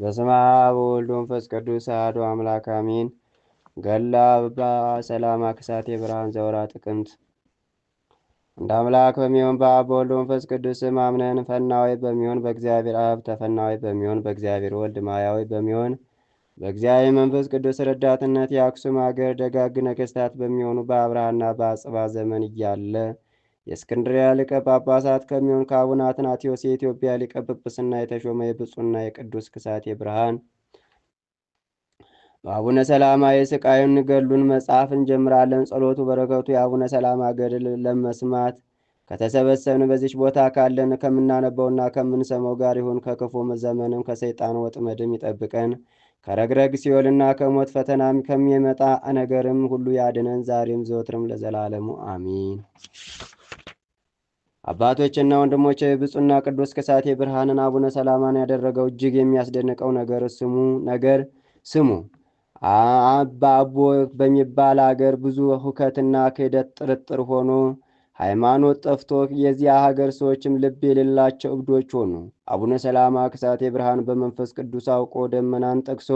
በስመ አብ ወወልድ ወመንፈስ ቅዱስ አሐዱ አምላክ አሜን። ገድለ አባ ሰላማ ክሳቴ ብርሃን ዘወርኃ ጥቅምት። እንደ አምላክ በሚሆን በአብ በወልድ መንፈስ ቅዱስ አምነን ፈናዊ በሚሆን በእግዚአብሔር አብ ተፈናዊ በሚሆን በእግዚአብሔር ወልድ ማያዊ በሚሆን በእግዚአብሔር መንፈስ ቅዱስ ረዳትነት የአክሱም አገር ደጋግ ነገሥታት በሚሆኑ በአብርሃና በአጽባ ዘመን እያለ የእስክንድሪያ ሊቀ ጳጳሳት ከሚሆን ከአቡነ አትናቴዎስ የኢትዮጵያ ሊቀ ጵጵስና የተሾመ የብፁና የቅዱስ ክሳቴ ብርሃን በአቡነ ሰላማ የስቃዩን ገሉን መጽሐፍ እንጀምራለን። ጸሎቱ በረከቱ የአቡነ ሰላማ ገድል ለመስማት ከተሰበሰብን በዚች ቦታ ካለን ከምናነበውና ከምንሰማው ጋር ይሁን። ከክፉ ዘመንም ከሰይጣን ወጥመድም ይጠብቀን። ከረግረግ ሲኦልና ከሞት ፈተናም ከሚመጣ ነገርም ሁሉ ያድነን። ዛሬም ዘወትርም ለዘላለሙ አሚን። አባቶችና ወንድሞች ብፁና ቅዱስ ከሳቴ ብርሃንን አቡነ ሰላማን ያደረገው እጅግ የሚያስደንቀው ነገር ስሙ ነገር ስሙ በአቦ በሚባል አገር ብዙ ሁከትና ክህደት ጥርጥር ሆኖ ሃይማኖት ጠፍቶ የዚያ ሀገር ሰዎችም ልብ የሌላቸው እብዶች ሆኑ። አቡነ ሰላማ ከሳቴ ብርሃን በመንፈስ ቅዱስ አውቆ ደመናን ጠቅሶ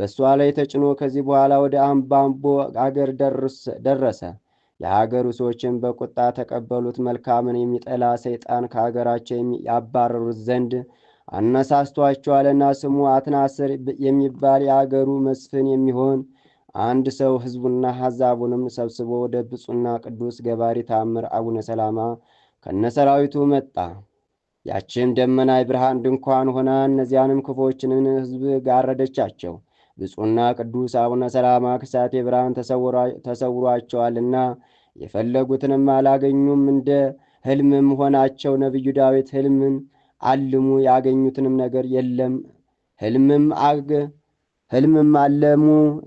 በእሷ ላይ ተጭኖ ከዚህ በኋላ ወደ አምባምቦ አገር ደረሰ። የሀገሩ ሰዎችን በቁጣ ተቀበሉት። መልካምን የሚጠላ ሰይጣን ከሀገራቸው ያባረሩት ዘንድ አነሳስቷቸዋልና ስሙ አትናስር የሚባል የአገሩ መስፍን የሚሆን አንድ ሰው ሕዝቡና ሀዛቡንም ሰብስቦ ወደ ብፁና ቅዱስ ገባሪ ታምር አቡነ ሰላማ ከነሰራዊቱ መጣ። ያችም ደመና የብርሃን ድንኳን ሆና እነዚያንም ክፎችንን ሕዝብ ጋረደቻቸው። ብፁና ቅዱስ አቡነ ሰላማ ክሳቴ ብርሃን ተሰውሯቸዋልና የፈለጉትንም አላገኙም። እንደ ሕልምም ሆናቸው። ነቢዩ ዳዊት ሕልምን አልሙ ያገኙትንም ነገር የለም ሕልምም አግ ሕልምም አለሙ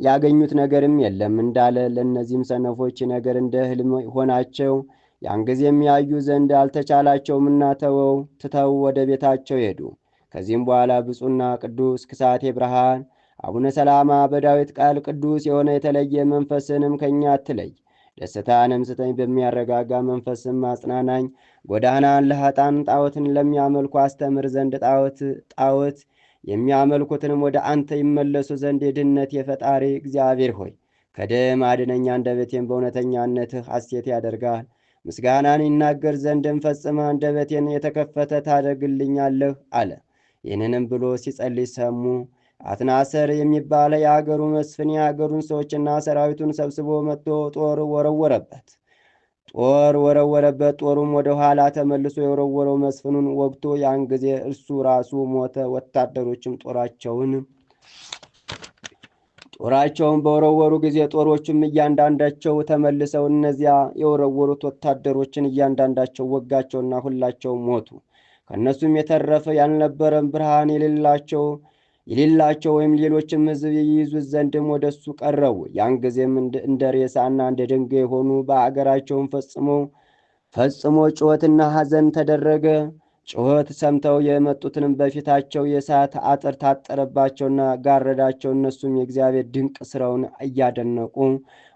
ያገኙት ነገርም የለም እንዳለ ለእነዚህም ሰነፎች ነገር እንደ ሕልም ሆናቸው። ያን ጊዜም ያዩ ዘንድ አልተቻላቸውምና ተወው ትተው ወደ ቤታቸው ሄዱ። ከዚህም በኋላ ብፁና ቅዱስ ክሳቴ ብርሃን አቡነ ሰላማ በዳዊት ቃል ቅዱስ የሆነ የተለየ መንፈስንም ከእኛ አትለይ ደስታንም ስጠኝ፣ በሚያረጋጋ መንፈስም አጽናናኝ። ጎዳናን ለኃጣን ጣዖትን ለሚያመልኩ አስተምር ዘንድ ጣዖት ጣዖት የሚያመልኩትንም ወደ አንተ ይመለሱ ዘንድ የድህነት የፈጣሪ እግዚአብሔር ሆይ ከደም አድነኛ አንደበቴን በእውነተኛነትህ ሐሴት ያደርጋል። ምስጋናን ይናገር ዘንድም ፈጽመ አንደበቴን የተከፈተ ታደርግልኛለህ አለ። ይህንንም ብሎ ሲጸልይ ሰሙ። አትናሰር የሚባለ የአገሩ መስፍን የአገሩን ሰዎችና ሰራዊቱን ሰብስቦ መጥቶ ጦር ወረወረበት። ጦር ወረወረበት። ጦሩም ወደ ኋላ ተመልሶ የወረወረው መስፍኑን ወግቶ ያን ጊዜ እርሱ ራሱ ሞተ። ወታደሮችም ጦራቸውን ጦራቸውን በወረወሩ ጊዜ ጦሮቹም እያንዳንዳቸው ተመልሰው እነዚያ የወረወሩት ወታደሮችን እያንዳንዳቸው ወጋቸውና ሁላቸው ሞቱ። ከእነሱም የተረፈ ያልነበረም ብርሃን የሌላቸው የሌላቸው ወይም ሌሎችም ሕዝብ ይይዙት ዘንድም ወደ እሱ ቀረቡ። ያን ጊዜም እንደ ሬሳና እንደ ድንጋይ የሆኑ በአገራቸውን ፈጽሞ ፈጽሞ ጩኸትና ሐዘን ተደረገ። ጩኸት ሰምተው የመጡትንም በፊታቸው የእሳት አጥር ታጠረባቸውና ጋረዳቸው። እነሱም የእግዚአብሔር ድንቅ ስራውን እያደነቁ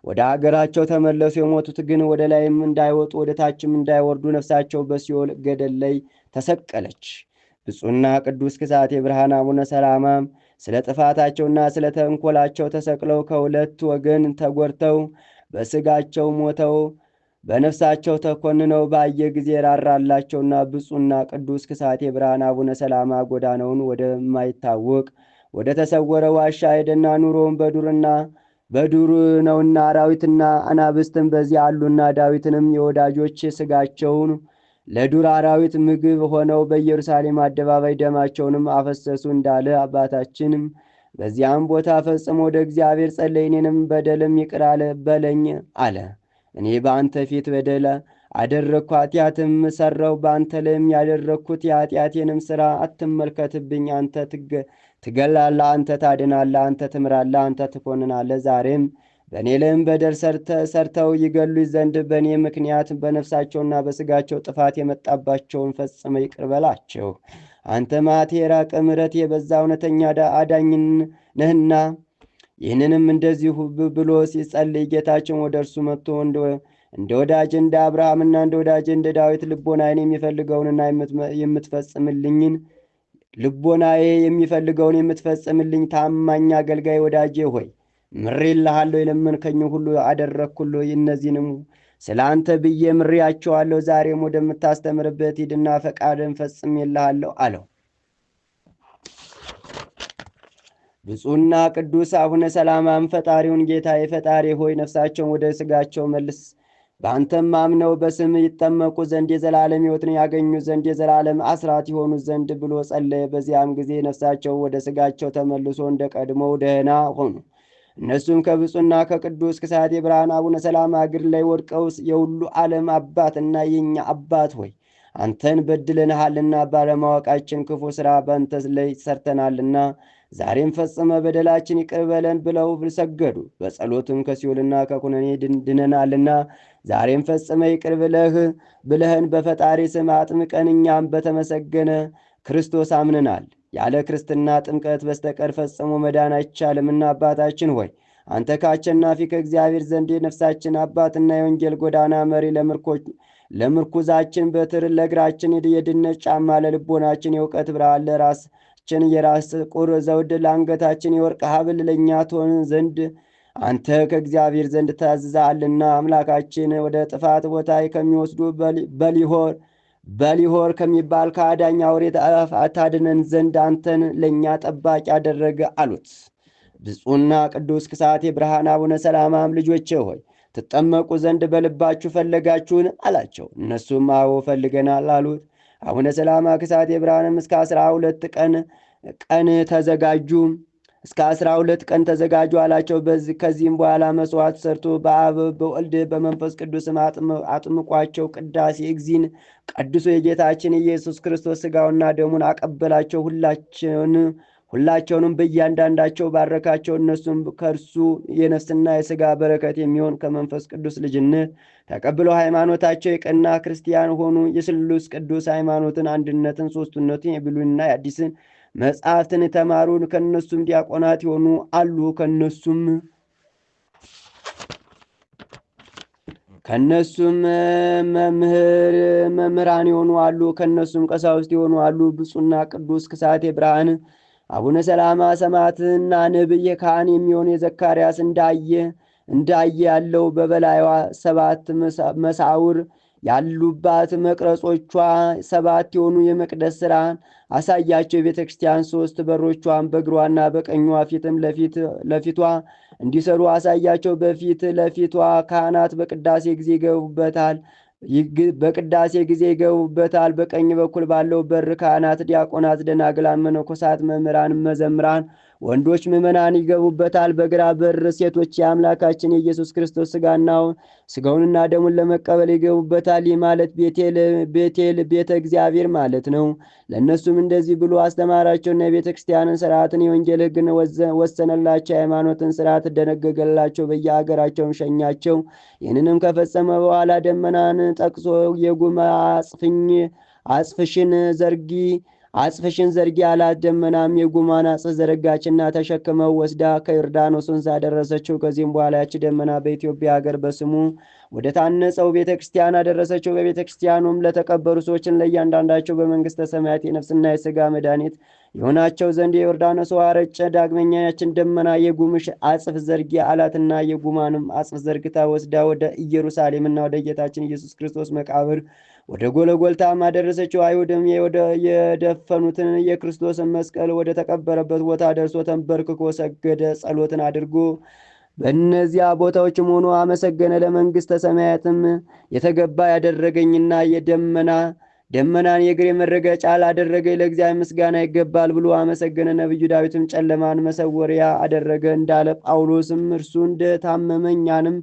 ወደ አገራቸው ተመለሱ። የሞቱት ግን ወደ ላይም እንዳይወጡ ወደ ታችም እንዳይወርዱ ነፍሳቸው በሲኦል ገደል ላይ ተሰቀለች። ብፁና ቅዱስ ክሳቴ ብርሃን አቡነ ሰላማም ስለ ጥፋታቸውና ስለ ተንኮላቸው ተሰቅለው ከሁለት ወገን ተጎድተው በስጋቸው ሞተው በነፍሳቸው ተኮንነው ባየ ጊዜ ራራላቸውና ብፁና ቅዱስ ክሳቴ ብርሃን አቡነ ሰላማ ጎዳናውን ወደማይታወቅ ወደ ተሰወረ ዋሻ ሄደና ኑሮውን በዱርና በዱር ነውና አራዊትና አናብስትን በዚህ አሉና ዳዊትንም የወዳጆች ስጋቸውን ። ለዱር አራዊት ምግብ ሆነው በኢየሩሳሌም አደባባይ ደማቸውንም አፈሰሱ እንዳለ አባታችንም በዚያም ቦታ ፈጽሞ ወደ እግዚአብሔር ጸለይኔንም በደልም ይቅር በለኝ አለ። እኔ በአንተ ፊት በደለ አደረግኩ፣ ኃጢአትም ሰራው። በአንተ ላይም ያደረግኩት የኃጢአቴንም ሥራ አትመልከትብኝ። አንተ ትገላለ፣ አንተ ታድናለ፣ አንተ ትምራለ፣ አንተ ትኮንናለ ዛሬም በእኔ ላይም በደል ሰርተው ይገሉኝ ዘንድ በእኔ ምክንያት በነፍሳቸውና በስጋቸው ጥፋት የመጣባቸውን ፈጽመ ይቅር በላቸው። አንተ መዓት የራቀ የበዛ እውነተኛ አዳኝ ነህና። ይህንንም እንደዚሁ ብሎ ሲጸልይ ጌታችን ወደ እርሱ መጥቶ እንደ ወዳጅ እንደ አብርሃምና እንደ ወዳጅ እንደ ዳዊት ልቦናዬን የሚፈልገውንና የምትፈጽምልኝን ልቦናዬ የሚፈልገውን የምትፈጽምልኝ ታማኝ አገልጋይ ወዳጄ ሆይ ልሃለሁ የለመንከኝ ሁሉ አደረግኩልህ። እነዚህንም ስለ አንተ ብዬ ምሬያቸዋለሁ። ዛሬም ወደምታስተምርበት ሂድና ፈቃድን ፈጽሜልሃለሁ አለው። ብፁና ቅዱስ አቡነ ሰላማም ፈጣሪውን ጌታ የፈጣሪ ሆይ ነፍሳቸውን ወደ ስጋቸው መልስ፣ በአንተም አምነው በስም ይጠመቁ ዘንድ የዘላለም ሕይወትን ያገኙ ዘንድ የዘላለም አስራት የሆኑ ዘንድ ብሎ ጸለየ። በዚያም ጊዜ ነፍሳቸው ወደ ስጋቸው ተመልሶ እንደ ቀድሞው ደህና ሆኑ። እነሱም ከብፁና ከቅዱስ ክሳት የብርሃን አቡነ ሰላማ እግር ላይ ወድቀው የሁሉ ዓለም አባትና የኛ አባት ሆይ አንተን በድለንሃልና ባለማወቃችን ክፉ ሥራ በአንተ ላይ ሰርተናልና ዛሬም ፈጽመ በደላችን ይቅርበለን ብለው ሰገዱ። በጸሎትም ከሲኦልና ከኩነኔ ድነናልና ዛሬም ፈጽመ ይቅር ብለህ ብለህን በፈጣሪ ስም አጥምቀን እኛም በተመሰገነ ክርስቶስ አምንናል። ያለ ክርስትና ጥምቀት በስተቀር ፈጽሞ መዳን አይቻልምና አባታችን ሆይ አንተ ከአሸናፊ ከእግዚአብሔር ዘንድ የነፍሳችን አባትና የወንጌል ጎዳና መሪ ለምርኩዛችን በትር ለእግራችን የድነት ጫማ ለልቦናችን የእውቀት ብርሃን ለራሳችን የራስ ቁር ዘውድ ለአንገታችን የወርቅ ሀብል ለእኛ ትሆን ዘንድ አንተ ከእግዚአብሔር ዘንድ ታዝዛልና አምላካችን ወደ ጥፋት ቦታ ከሚወስዱ በሊሆር በሊሆር ከሚባል ከአዳኝ አውሬ አፍ አታድነን ዘንድ አንተን ለእኛ ጠባቂ ያደረገ አሉት። ብፁና ቅዱስ ክሳቴ ብርሃን አቡነ ሰላማም ልጆቼ ሆይ ትጠመቁ ዘንድ በልባችሁ ፈለጋችሁን አላቸው። እነሱም አዎ ፈልገናል አሉት። አቡነ ሰላማ ክሳቴ ብርሃንም እስከ አስራ ሁለት ቀን ቀን ተዘጋጁ። እስከ አስራ ሁለት ቀን ተዘጋጁ አላቸው። ከዚህም በኋላ መስዋዕት ሰርቶ በአብ በወልድ በመንፈስ ቅዱስም አጥምቋቸው ቅዳሴ እግዚን ቀድሶ የጌታችን ኢየሱስ ክርስቶስ ስጋውና ደሙን አቀበላቸው። ሁላችን ሁላቸውንም በእያንዳንዳቸው ባረካቸው። እነሱም ከእርሱ የነፍስና የስጋ በረከት የሚሆን ከመንፈስ ቅዱስ ልጅነት ተቀብሎ ሃይማኖታቸው የቀና ክርስቲያን ሆኑ። የስሉስ ቅዱስ ሃይማኖትን አንድነትን፣ ሶስቱነትን፣ የብሉይና የአዲስን መጽሐፍትን የተማሩ ከነሱም ዲያቆናት የሆኑ አሉ ከነሱም ከነሱም መምህር መምህራን የሆኑ አሉ ከነሱም ቀሳውስት የሆኑ አሉ ብፁና ቅዱስ ክሳቴ ብርሃን አቡነ ሰላማ ሰማዕትና ነብይ ካህን የሚሆን የዘካርያስ እንዳየ እንዳየ ያለው በበላይዋ ሰባት መሳውር ያሉባት መቅረጾቿ ሰባት የሆኑ የመቅደስ ስራን አሳያቸው። የቤተ ክርስቲያን ሦስት በሮቿን በግሯና በቀኟ ፊትም ለፊቷ እንዲሰሩ አሳያቸው። በፊት ለፊቷ ካህናት በቅዳሴ ጊዜ ይገቡበታል በቅዳሴ ጊዜ ይገቡበታል። በቀኝ በኩል ባለው በር ካህናት፣ ዲያቆናት፣ ደናግላን፣ መነኮሳት፣ መምህራን፣ መዘምራን ወንዶች ምዕመናን ይገቡበታል። በግራ በር ሴቶች የአምላካችን የኢየሱስ ክርስቶስ ስጋናው ስጋውንና ደሙን ለመቀበል ይገቡበታል። ይህ ማለት ቤቴል ቤተ እግዚአብሔር ማለት ነው። ለእነሱም እንደዚህ ብሎ አስተማራቸውና የቤተ ክርስቲያንን ስርዓትን የወንጌል ሕግን ወሰነላቸው። የሃይማኖትን ስርዓት ደነገገላቸው። በየሀገራቸውም ሸኛቸው። ይህንንም ከፈጸመ በኋላ ደመናን ጠቅሶ የጉም አጽፍኝ አጽፍሽን ዘርጊ አጽፍሽን ዘርጊ አላት። ደመናም የጉማን አጽፍ ዘረጋችና ተሸክመው ወስዳ ከዮርዳኖስ ወንዝ አደረሰችው። ከዚህም በኋላ ያች ደመና በኢትዮጵያ ሀገር በስሙ ወደ ታነጸው ቤተ ክርስቲያን አደረሰችው። በቤተ ክርስቲያኑም ለተቀበሩ ሰዎችን ለእያንዳንዳቸው በመንግሥተ ሰማያት የነፍስና የሥጋ መድኃኒት የሆናቸው ዘንድ የዮርዳኖስ ውሃ ረጨ። ዳግመኛ ያችን ደመና የጉምሽ አጽፍ ዘርጊ አላትና የጉማንም አጽፍ ዘርግታ ወስዳ ወደ ኢየሩሳሌምና ወደ ጌታችን ኢየሱስ ክርስቶስ መቃብር ወደ ጎለጎልታም አደረሰችው። አይሁድም የደፈኑትን የክርስቶስን መስቀል ወደ ተቀበረበት ቦታ ደርሶ ተንበርክኮ ሰገደ፣ ጸሎትን አድርጎ በእነዚያ ቦታዎችም ሆኖ አመሰገነ። ለመንግሥተ ሰማያትም የተገባ ያደረገኝና የደመና ደመናን የእግሬ መረገጫ አላደረገ ለእግዚአብሔር ምስጋና ይገባል ብሎ አመሰገነ። ነቢዩ ዳዊትም ጨለማን መሰወሪያ አደረገ እንዳለ ጳውሎስም እርሱ እንደ ታመመ እኛንም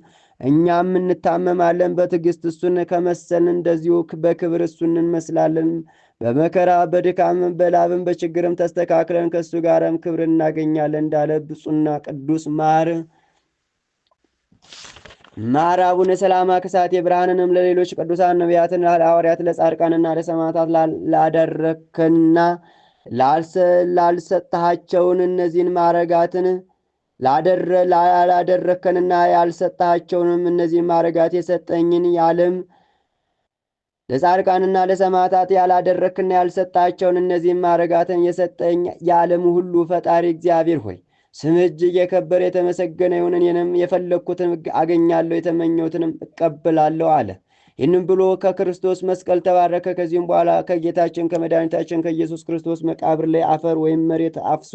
እኛም እንታመማለን፣ በትዕግሥት እሱን ከመሰልን እንደዚሁ በክብር እሱን እንመስላለን። በመከራ በድካምም በላብም በችግርም ተስተካክለን ከእሱ ጋርም ክብር እናገኛለን እንዳለ ብፁና ቅዱስ ማር አቡነ ሰላማ ክሳት የብርሃንንም ለሌሎች ቅዱሳን ነቢያትን፣ ለሐዋርያት፣ ለጻድቃንና ለሰማዕታት ላደረክና ላልሰጠሃቸውን እነዚህን ማረጋትን ላላደረከንና ያልሰጣቸውንም እነዚህ ማረጋት የሰጠኝን ያለም ለጻድቃንና ለሰማዕታት ያላደረክና ያልሰጣቸውን እነዚህም ማረጋትን የሰጠኝ የዓለም ሁሉ ፈጣሪ እግዚአብሔር ሆይ ስም እጅግ የከበረ የተመሰገነ ይሁን። እኔንም የፈለግኩትን አገኛለሁ፣ የተመኘሁትንም እቀብላለሁ አለ። ይህንም ብሎ ከክርስቶስ መስቀል ተባረከ። ከዚህም በኋላ ከጌታችን ከመድኃኒታችን ከኢየሱስ ክርስቶስ መቃብር ላይ አፈር ወይም መሬት አፍሶ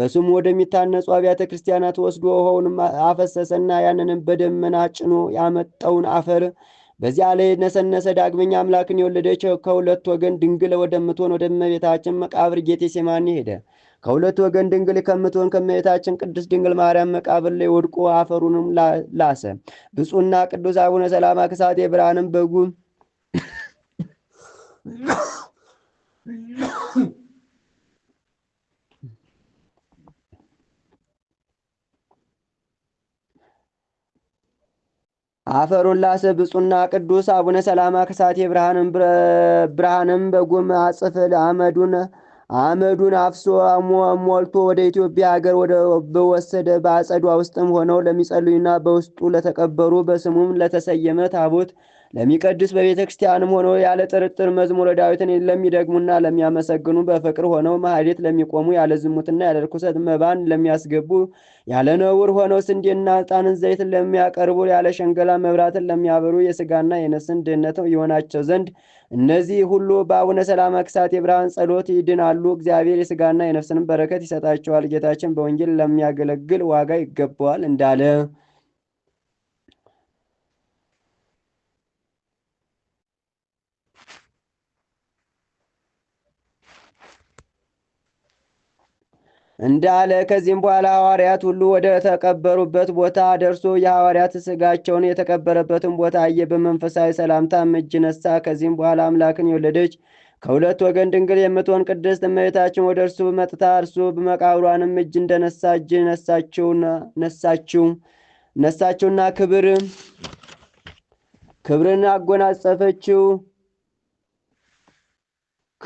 በስሙ ወደሚታነጹ አብያተ ክርስቲያናት ወስዶ ውሃውንም አፈሰሰና ያንንም በደመና ጭኖ ያመጣውን አፈር በዚያ ላይ ነሰነሰ። ዳግመኛ አምላክን የወለደች ከሁለት ወገን ድንግል ወደምትሆን ወደ እመቤታችን መቃብር ጌቴሴማኒ ሄደ። ከሁለት ወገን ድንግል ከምትሆን ከእመቤታችን ቅድስት ድንግል ማርያም መቃብር ላይ ወድቆ አፈሩንም ላሰ። ብፁና ቅዱስ አቡነ ሰላማ ከሳቴ ብርሃንም በጉ ላሰ ብፁና ቅዱስ አቡነ ሰላማ ከሳቴ ብርሃንም በጉም አጽፍል አመዱን አመዱን አፍሶ ሞልቶ ወደ ኢትዮጵያ ሀገር ወደ በወሰደ በአጸዷ ውስጥም ሆነው ለሚጸልዩና በውስጡ ለተቀበሩ በስሙም ለተሰየመ ታቦት ለሚቀድስ በቤተ ክርስቲያንም ሆኖ ያለ ጥርጥር መዝሙረ ዳዊትን ለሚደግሙና ለሚያመሰግኑ በፍቅር ሆነው ማህሌት ለሚቆሙ ያለ ዝሙትና ያለ ርኩሰት መባን ለሚያስገቡ ያለ ነውር ሆነው ስንዴና ዕጣንን ዘይትን ለሚያቀርቡ ያለ ሸንገላ መብራትን ለሚያበሩ የስጋና የነፍስን ድህነት የሆናቸው ዘንድ እነዚህ ሁሉ በአቡነ ሰላማ ክሳት የብርሃን ጸሎት ይድናሉ። እግዚአብሔር የስጋና የነፍስንም በረከት ይሰጣቸዋል። ጌታችን በወንጌል ለሚያገለግል ዋጋ ይገባዋል እንዳለ እንዳለ ከዚህም በኋላ ሐዋርያት ሁሉ ወደ ተቀበሩበት ቦታ ደርሶ የሐዋርያት ሥጋቸውን የተቀበረበትን ቦታ አየ። በመንፈሳዊ ሰላምታም እጅ ነሳ። ከዚህም በኋላ አምላክን የወለደች ከሁለት ወገን ድንግል የምትሆን ቅድስት እመቤታችን ወደ እርሱ መጥታ እርሱ መቃብሯንም እጅ እንደነሳ እጅ ነሳችውና ክብር ክብርን አጎናጸፈችው።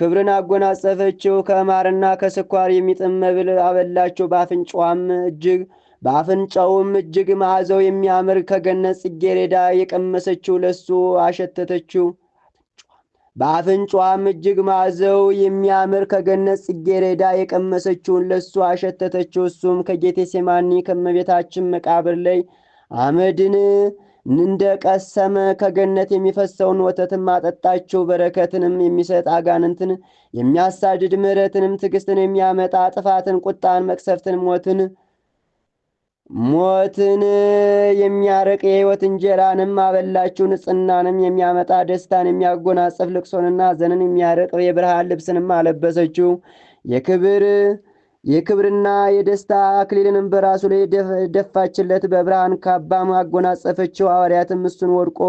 ክብርን አጎናጸፈችው። ከማርና ከስኳር የሚጥም መብል አበላቸው። በአፍንጫዋም እጅግ በአፍንጫውም እጅግ መዓዛው የሚያምር ከገነት ጽጌረዳ የቀመሰችው ለሱ አሸተተችው። በአፍንጫዋም እጅግ መዓዛው የሚያምር ከገነት ጽጌረዳ የቀመሰችውን ለሱ አሸተተችው። እሱም ከጌቴሴማኒ ከመቤታችን መቃብር ላይ አመድን እንደ ቀሰመ ከገነት የሚፈሰውን ወተትም አጠጣቸው። በረከትንም የሚሰጥ አጋንንትን የሚያሳድድ ምሕረትንም ትዕግስትን የሚያመጣ ጥፋትን፣ ቁጣን፣ መቅሰፍትን፣ ሞትን ሞትን የሚያርቅ የሕይወት እንጀራንም አበላችሁ። ንጽናንም የሚያመጣ ደስታን የሚያጎናጽፍ ልቅሶንና ዘንን የሚያርቅ የብርሃን ልብስንም አለበሰችው የክብር የክብርና የደስታ አክሊልንም በራሱ ላይ ደፋችለት፣ በብርሃን ካባም አጎናጸፈችው። ሐዋርያትም እሱን ወድቆ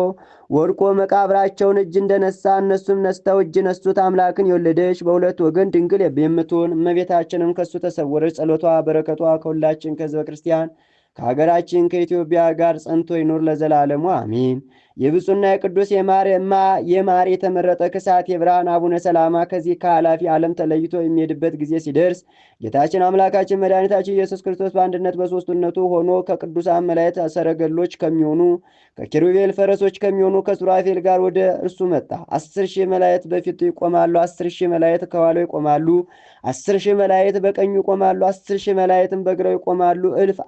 ወድቆ መቃብራቸውን እጅ እንደነሳ እነሱም ነስተው እጅ ነሱት። አምላክን የወለደች በሁለት ወገን ድንግል የምትሆን እመቤታችንም ከሱ ተሰወረች። ጸሎቷ በረከቷ ከሁላችን ከሕዝበ ክርስቲያን ከሀገራችን ከኢትዮጵያ ጋር ጸንቶ ይኑር ለዘላለሙ አሚን። የብፁና የቅዱስ የማርማ የማር የተመረጠ ክሳት የብርሃን አቡነ ሰላማ ከዚህ ከኃላፊ ዓለም ተለይቶ የሚሄድበት ጊዜ ሲደርስ ጌታችን አምላካችን መድኃኒታችን ኢየሱስ ክርስቶስ በአንድነት በሦስትነቱ ሆኖ ከቅዱሳን መላእክት ሰረገሎች ከሚሆኑ ከኪሩቤል ፈረሶች ከሚሆኑ ከሱራፌል ጋር ወደ እርሱ መጣ። አስር ሺህ መላእክት በፊቱ ይቆማሉ። አስር ሺህ መላእክት ከኋላው ይቆማሉ። አስር ሺህ መላእክት በቀኙ ይቆማሉ። አስር ሺህ መላእክትም በግራው ይቆማሉ። እልፍ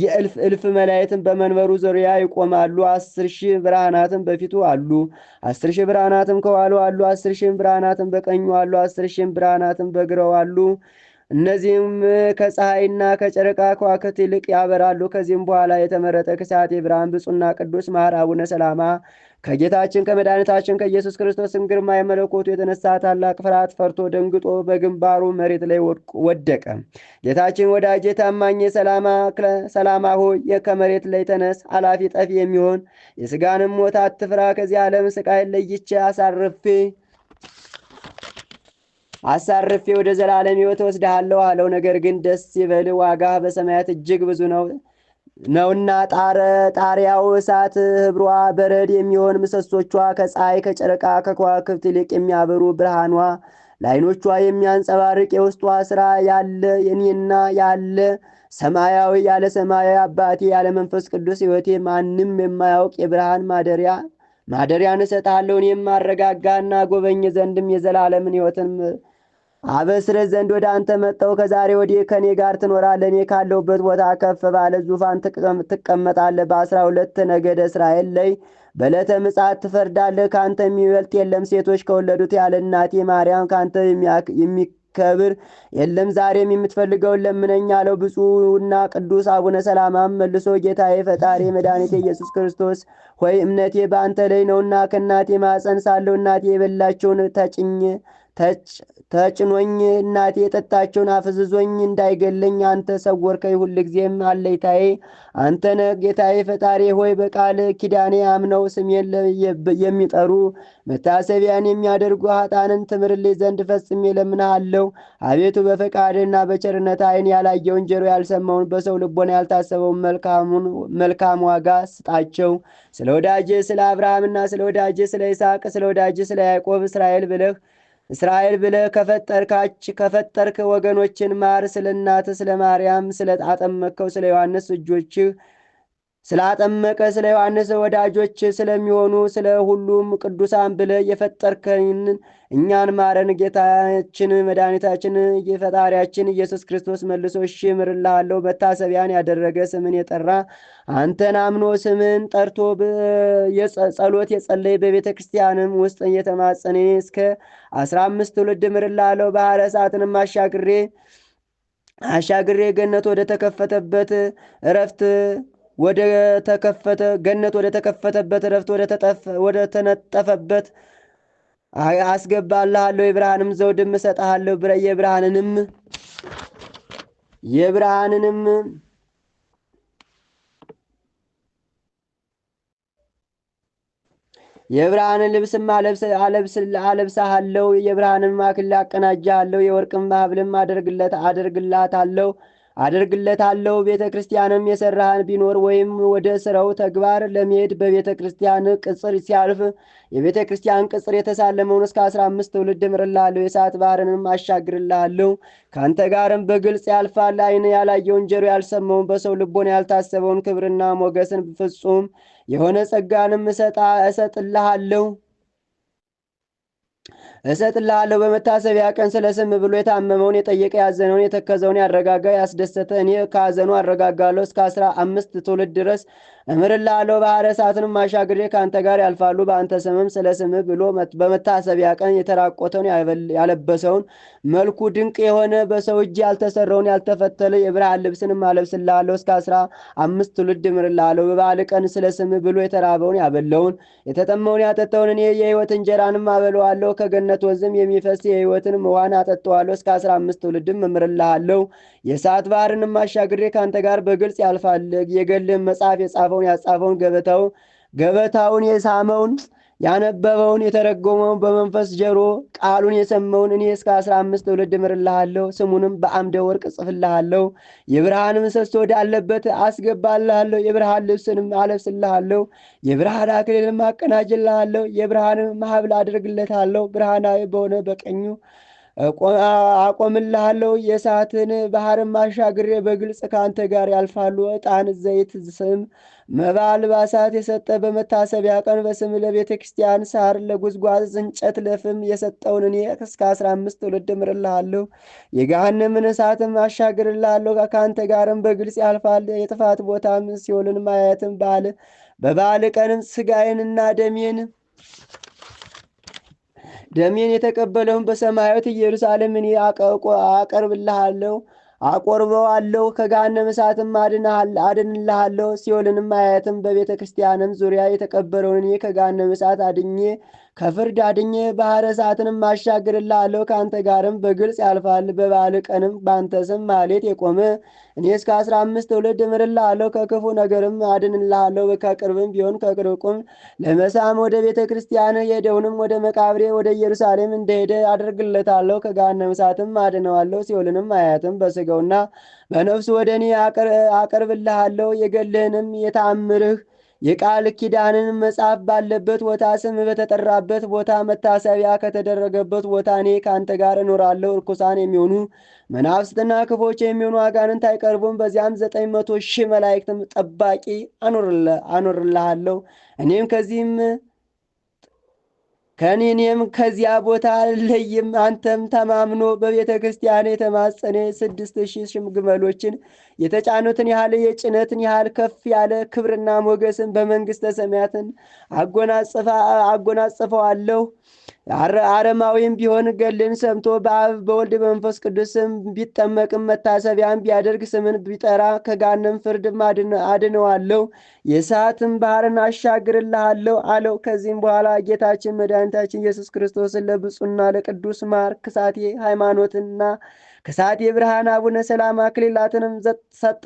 የእልፍ እልፍ መላየትን በመንበሩ ዙሪያ ይቆማሉ። አስር ሺህ ብርሃናትም በፊቱ አሉ። አስር ሺህ ብርሃናትም ከኋሉ አሉ። አስር ሺህ ብርሃናትም በቀኙ አሉ። አስር ሺህ ብርሃናትም በግራው አሉ። እነዚህም ከፀሐይና ከጨረቃ ከዋክብት ይልቅ ያበራሉ። ከዚህም በኋላ የተመረጠ ክሳት የብርሃን ብፁና ቅዱስ ማኅር አቡነ ሰላማ ከጌታችን ከመድኃኒታችን ከኢየሱስ ክርስቶስም ግርማ የመለኮቱ የተነሳ ታላቅ ፍርሃት ፈርቶ ደንግጦ በግንባሩ መሬት ላይ ወደቀ። ጌታችን ወዳጄ ታማኝ ሰላማ ሆይ ከመሬት ላይ ተነስ፣ አላፊ ጠፊ የሚሆን የስጋንም ሞት አትፍራ። ከዚህ ዓለም ስቃይ ለይቼ አሳርፌ አሳርፌ ወደ ዘላለም ሕይወት ወስድሃለሁ አለው። ነገር ግን ደስ ይበል ዋጋ በሰማያት እጅግ ብዙ ነው ነውና ጣሪያው እሳት ህብሯ በረድ የሚሆን ምሰሶቿ ከፀሐይ ከጨረቃ ከከዋክብት ይልቅ የሚያበሩ ብርሃኗ ለዓይኖቿ የሚያንጸባርቅ የውስጧ ስራ ያለ የኔና ያለ ሰማያዊ ያለ ሰማያዊ አባቴ ያለ መንፈስ ቅዱስ ሕይወቴ ማንም የማያውቅ የብርሃን ማደሪያ ማደሪያን እሰጥሃለሁ እኔም ማረጋጋና ጎበኝ ዘንድም የዘላለምን ሕይወትን አበስረ ዘንድ ወደ አንተ መጣሁ። ከዛሬ ወዲህ ከእኔ ጋር ትኖራለህ። እኔ ካለሁበት ቦታ ከፍ ባለ ዙፋን ትቀመጣለህ። በአስራ ሁለት ነገደ እስራኤል ላይ በዕለተ ምጽአት ትፈርዳለህ። ከአንተ የሚበልጥ የለም። ሴቶች ከወለዱት ያለ እናቴ ማርያም ከአንተ የሚከብር የለም። ዛሬም የምትፈልገውን ለምነኝ አለው። ብፁዕና ቅዱስ አቡነ ሰላማም መልሶ ጌታዬ፣ ፈጣሪ፣ መድኃኒቴ ኢየሱስ ክርስቶስ ሆይ እምነቴ በአንተ ላይ ነውና ከእናቴ ማፀን ሳለው እናቴ የበላቸውን ተጭኝ ተጭኖኝ እናቴ የጠጣቸውን አፍዝዞኝ እንዳይገለኝ አንተ ሰወርከኝ። ሁልጊዜም አለይታዬ አንተ ጌታዬ ፈጣሪ ሆይ። በቃል ኪዳኔ አምነው ስሜን የሚጠሩ መታሰቢያን የሚያደርጉ ሀጣንን ትምርልኝ ዘንድ ፈጽሜ አለው። አቤቱ በፈቃድና በቸርነት ዓይን ያላየውን ጆሮ ያልሰማውን በሰው ልቦና ያልታሰበውን መልካም ዋጋ ስጣቸው። ስለ ወዳጄ ስለ አብርሃምና ስለ ወዳጄ ስለ ይስሐቅ ስለ ወዳጄ ስለ ያዕቆብ እስራኤል ብለህ እስራኤል ብለህ ከፈጠርካች ከፈጠርክ ወገኖችን ማር ስለ እናትህ ስለ ማርያም ስለ አጠመቅከው ስለ ዮሐንስ እጆችህ ስላጠመቀ ስለ ዮሐንስ ወዳጆች ስለሚሆኑ ስለ ሁሉም ቅዱሳን ብለ የፈጠርከን እኛን ማረን። ጌታችን መድኃኒታችን የፈጣሪያችን ኢየሱስ ክርስቶስ መልሶ እሺ እምርልሃለሁ መታሰቢያን ያደረገ ስምን የጠራ አንተን አምኖ ስምን ጠርቶ ጸሎት የጸለይ በቤተ ክርስቲያንም ውስጥ እየተማጸኔ እስከ አስራ አምስት ትውልድ እምርልሃለሁ ባህረ ሰዓትንም አሻግሬ አሻግሬ ገነት ወደ ተከፈተበት እረፍት ወደ ተከፈተ ገነት ወደ ተከፈተበት ረፍት ወደ ተነጠፈበት አስገባልሃለሁ። የብርሃንም ዘውድም እሰጥሃለሁ። የብርሃንንም የብርሃንንም የብርሃንን ልብስም አለብስሃለሁ። የብርሃንም አክሊል አቀናጃለሁ። የወርቅም ሀብልም አደርግላታለሁ። አደርግለታለሁ። ቤተ ክርስቲያንም የሰራህን ቢኖር ወይም ወደ ስራው ተግባር ለመሄድ በቤተ ክርስቲያን ቅጽር ሲያልፍ የቤተ ክርስቲያን ቅጽር የተሳለመውን እስከ አስራ አምስት ትውልድ እምርልሃለሁ፣ የእሳት ባህርንም አሻግርልሃለሁ። ከአንተ ጋርም በግልጽ ያልፋል። ዓይን ያላየውን ጀሮ ያልሰማውን በሰው ልቦን ያልታሰበውን ክብርና ሞገስን ፍጹም የሆነ ጸጋንም እሰጥልሃለሁ። እሰጥልሃለሁ። በመታሰቢያ ቀን ስለ ስም ብሎ የታመመውን የጠየቀ፣ ያዘነውን የተከዘውን ያረጋጋ፣ ያስደሰተ እኔ ከሐዘኑ አረጋጋለሁ እስከ አስራ አምስት ትውልድ ድረስ እምርልሃለሁ ባህረ እሳትንም ማሻግሬ ከአንተ ጋር ያልፋሉ። በአንተ ስምም ስለ ስምህ ብሎ በመታሰቢያ ቀን የተራቆተውን ያለበሰውን መልኩ ድንቅ የሆነ በሰው እጅ ያልተሰራውን ያልተፈተለ የብርሃን ልብስንም አለብስልሃለሁ። እስከ አስራ አምስት ትውልድ እምርልሃለሁ። በበዓል ቀን ስለ ስምህ ብሎ የተራበውን ያበለውን የተጠመውን ያጠጠውን እኔ የህይወት እንጀራንም አበለዋለሁ። ከገነት ወንዝም የሚፈስ የሕይወትን ውሃን አጠጠዋለሁ። እስከ አስራ አምስት ትውልድም እምርልሃለሁ። የሰዓት ባህርንም ማሻግሬ ከአንተ ጋር በግልጽ ያልፋል። የገልህም መጽሐፍ የጻፈው የጻፈውን ያጻፈውን ገበታው ገበታውን የሳመውን ያነበበውን የተረጎመውን በመንፈስ ጀሮ ቃሉን የሰመውን እኔ እስከ አስራ አምስት ትውልድ እምርልሃለሁ፣ ስሙንም በአምደ ወርቅ ጽፍልሃለሁ የብርሃን ምሰሶ ወዳለበት አስገባልሃለሁ፣ የብርሃን ልብስንም አለብስልሃለሁ፣ የብርሃን አክሊልም አቀናጅልሃለሁ፣ የብርሃንም ማህብል አድርግለታለሁ። ብርሃናዊ በሆነ በቀኙ አቆምልሃለሁ የእሳትን ባህር ማሻግሬ በግልጽ ከአንተ ጋር ያልፋሉ። ዕጣን፣ ዘይት፣ ስም፣ መባ፣ አልባሳት የሰጠ በመታሰቢያ ቀን በስም ለቤተ ክርስቲያን ሳር፣ ለጉዝጓዝ እንጨት፣ ለፍም የሰጠውን እኔ እስከ አስራ አምስት ትውልድ እምርልሃለሁ። የገሃነምን እሳትም አሻግርልሃለሁ። ከአንተ ጋርም በግልጽ ያልፋል። የጥፋት ቦታም ሲኦልን ማየትም በበዓል ቀንም ስጋይንና ደሜን ደሜን የተቀበለውን በሰማያዊት ኢየሩሳሌምን አቀርብልሃለሁ አቆርበዋለሁ ከገሃነመ እሳትም አድንልሃለሁ ሲኦልንም አያትም በቤተ ክርስቲያንም ዙሪያ የተቀበለውን እኔ ከገሃነመ እሳት አድኜ ከፍርድ አድኜ ባህረ ሰዓትንም አሻግርልሃለሁ ከአንተ ጋርም በግልጽ ያልፋል። በበዓል ቀንም በአንተ ስም ማሌት የቆመ እኔ እስከ አስራ አምስት ትውልድ አለው ከክፉ ነገርም አድንልሃለሁ። ከቅርብም ቢሆን ከቅርቁም ለመሳም ወደ ቤተ ክርስቲያን የሄደውንም ወደ መቃብሬ ወደ ኢየሩሳሌም እንደሄደ አደርግለታለሁ። ከገሃነመ እሳትም አድነዋለሁ። ሲኦልንም አያትም በሥጋውና በነፍሱ ወደ እኔ አቀርብልሃለሁ። የገልህንም የታምርህ የቃል ኪዳንን መጽሐፍ ባለበት ቦታ ስም በተጠራበት ቦታ መታሰቢያ ከተደረገበት ቦታ እኔ ከአንተ ጋር እኖራለሁ። እርኩሳን የሚሆኑ መናፍስትና ክፎች የሚሆኑ አጋንንት አይቀርቡም። በዚያም ዘጠኝ መቶ ሺህ መላእክትም ጠባቂ አኖርልሃለሁ። እኔም ከዚህም ከኔኔም ከዚያ ቦታ ለይም አንተም ተማምኖ በቤተ ክርስቲያን የተማጸኔ ስድስት ሺህ ሽምግመሎችን የተጫኑትን ያህል የጭነትን ያህል ከፍ ያለ ክብርና ሞገስን በመንግሥተ ሰማያትን አጎናጽፈዋለሁ። አረማዊም ቢሆን ገልን ሰምቶ በአብ በወልድ በመንፈስ ቅዱስም ቢጠመቅም መታሰቢያን ቢያደርግ ስምን ቢጠራ ከጋንም ፍርድ አድነዋለሁ፣ የሰዓትን ባህርን አሻግርልሃለሁ አለው። ከዚህም በኋላ ጌታችን መድኃኒታችን ኢየሱስ ክርስቶስን ለብፁና ለቅዱስ ማርክ ሳቴ ሃይማኖትና ከሰዓት የብርሃን አቡነ ሰላማ ክሊላትንም ሰጠው።